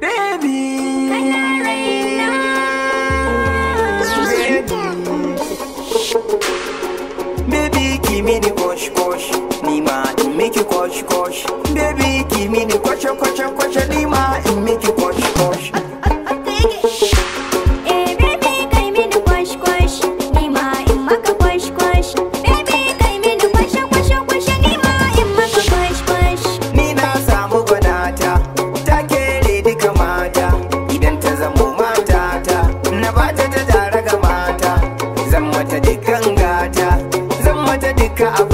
Baby. Baby, give me the push, push. Me man, make you push, push. Got a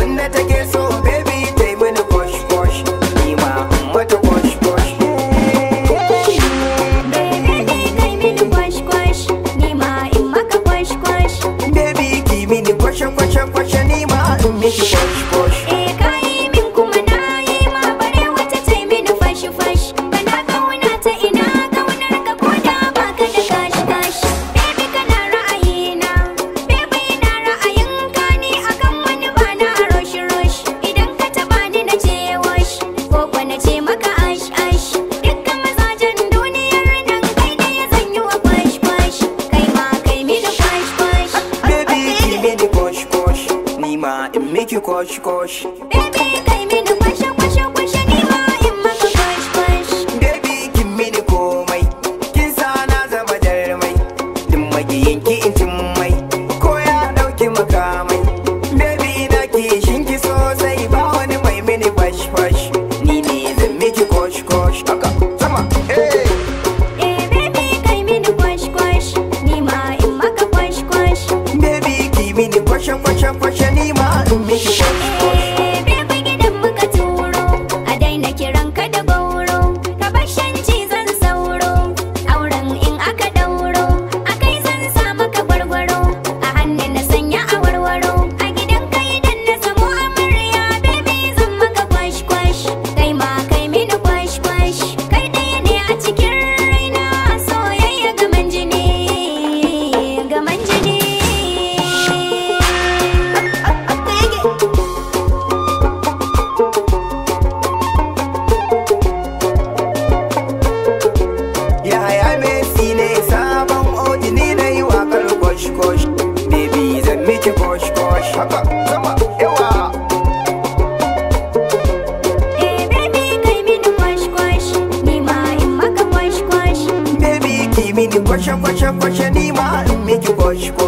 ba in miki kosh kosh baby eh, kai mini kwashe kwashe kwashe ni ma in maka kosh kosh baby kin mini komai kin sa na zama darmai din magiyin ki in jin mai ko ya dauki makamai baby na ki shin ki sosai ba wani mai mini kosh kosh ni ne zan miki kosh kosh aka sama eh question, question, question. que it bosh bosh haka sama yawa Kwashe kwashe kwashe